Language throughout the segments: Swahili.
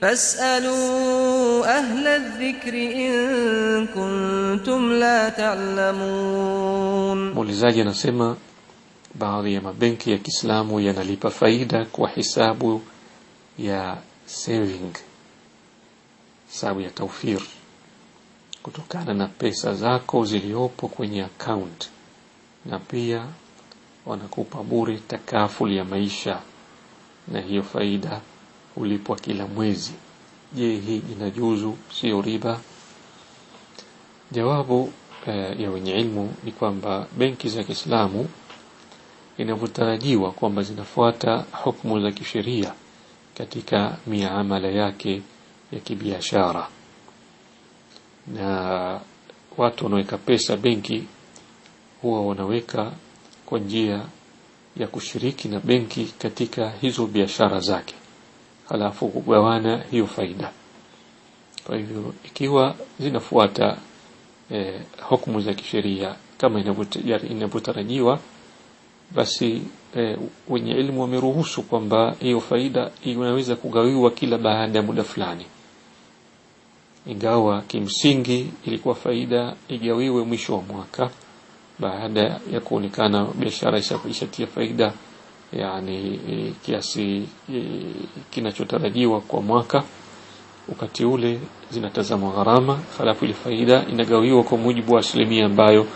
Fas'alu ahla dhikri in kuntum la ta'lamun. Muulizaji anasema baadhi ya mabenki ya Kiislamu yanalipa faida kwa hisabu ya saving, hisabu ya taufir, kutokana na pesa zako ziliyopo kwenye account, na pia wanakupa bure takaful ya maisha, na hiyo faida hulipwa kila mwezi je hii inajuzu sio riba jawabu eh, ya wenye ilmu ni kwamba benki za Kiislamu inavyotarajiwa kwamba zinafuata hukumu za kisheria katika miamala yake ya kibiashara na watu wanaweka pesa benki huwa wanaweka kwa njia ya kushiriki na benki katika hizo biashara zake halafu kugawana hiyo faida. Kwa hivyo ikiwa zinafuata eh, hukumu za kisheria kama inavyotarajiwa, basi eh, wenye elimu wameruhusu kwamba hiyo faida inaweza kugawiwa kila baada ya muda fulani, ingawa kimsingi ilikuwa faida igawiwe mwisho wa mwaka baada ya kuonekana biashara ishatia faida yani e, kiasi e, kinachotarajiwa kwa mwaka wakati ule zinatazamwa gharama, halafu ile faida inagawiwa kwa mujibu wa asilimia ambayo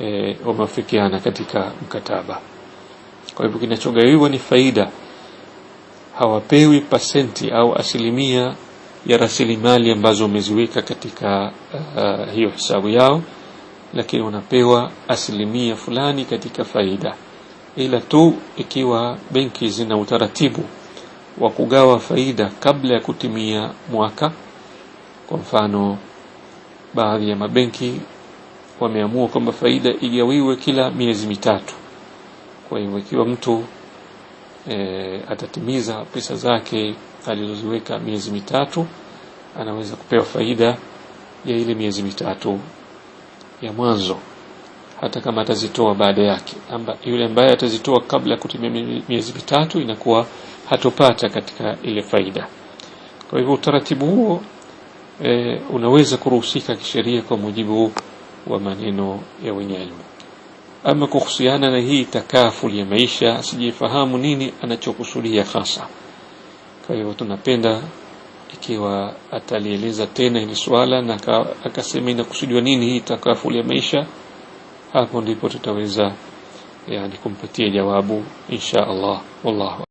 e, wamefikiana katika mkataba. Kwa hivyo kinachogawiwa ni faida, hawapewi pasenti au asilimia ya rasilimali ambazo wameziweka katika uh, hiyo hisabu yao, lakini wanapewa asilimia fulani katika faida ila tu ikiwa benki zina utaratibu wa kugawa faida kabla ya kutimia mwaka. Kwa mfano, baadhi ya mabenki wameamua kwamba faida igawiwe kila miezi mitatu. Kwa hivyo ikiwa mtu e, atatimiza pesa zake alizoziweka miezi mitatu, anaweza kupewa faida ya ile miezi mitatu ya mwanzo hata kama atazitoa baada yake. Amba yule ambaye atazitoa kabla ya kutimia miezi mitatu inakuwa hatopata katika ile faida. Kwa hivyo utaratibu huo e, unaweza kuruhusika kisheria kwa mujibu wa maneno ya wenye elimu. Ama kuhusiana na hii takafuli ya maisha, asijifahamu nini anachokusudia hasa. Kwa hivyo tunapenda ikiwa atalieleza tena hili swala na akasema inakusudiwa nini hii takafuli ya maisha hapo ndipo tutaweza yani kumpatia jawabu insha Allah wallahu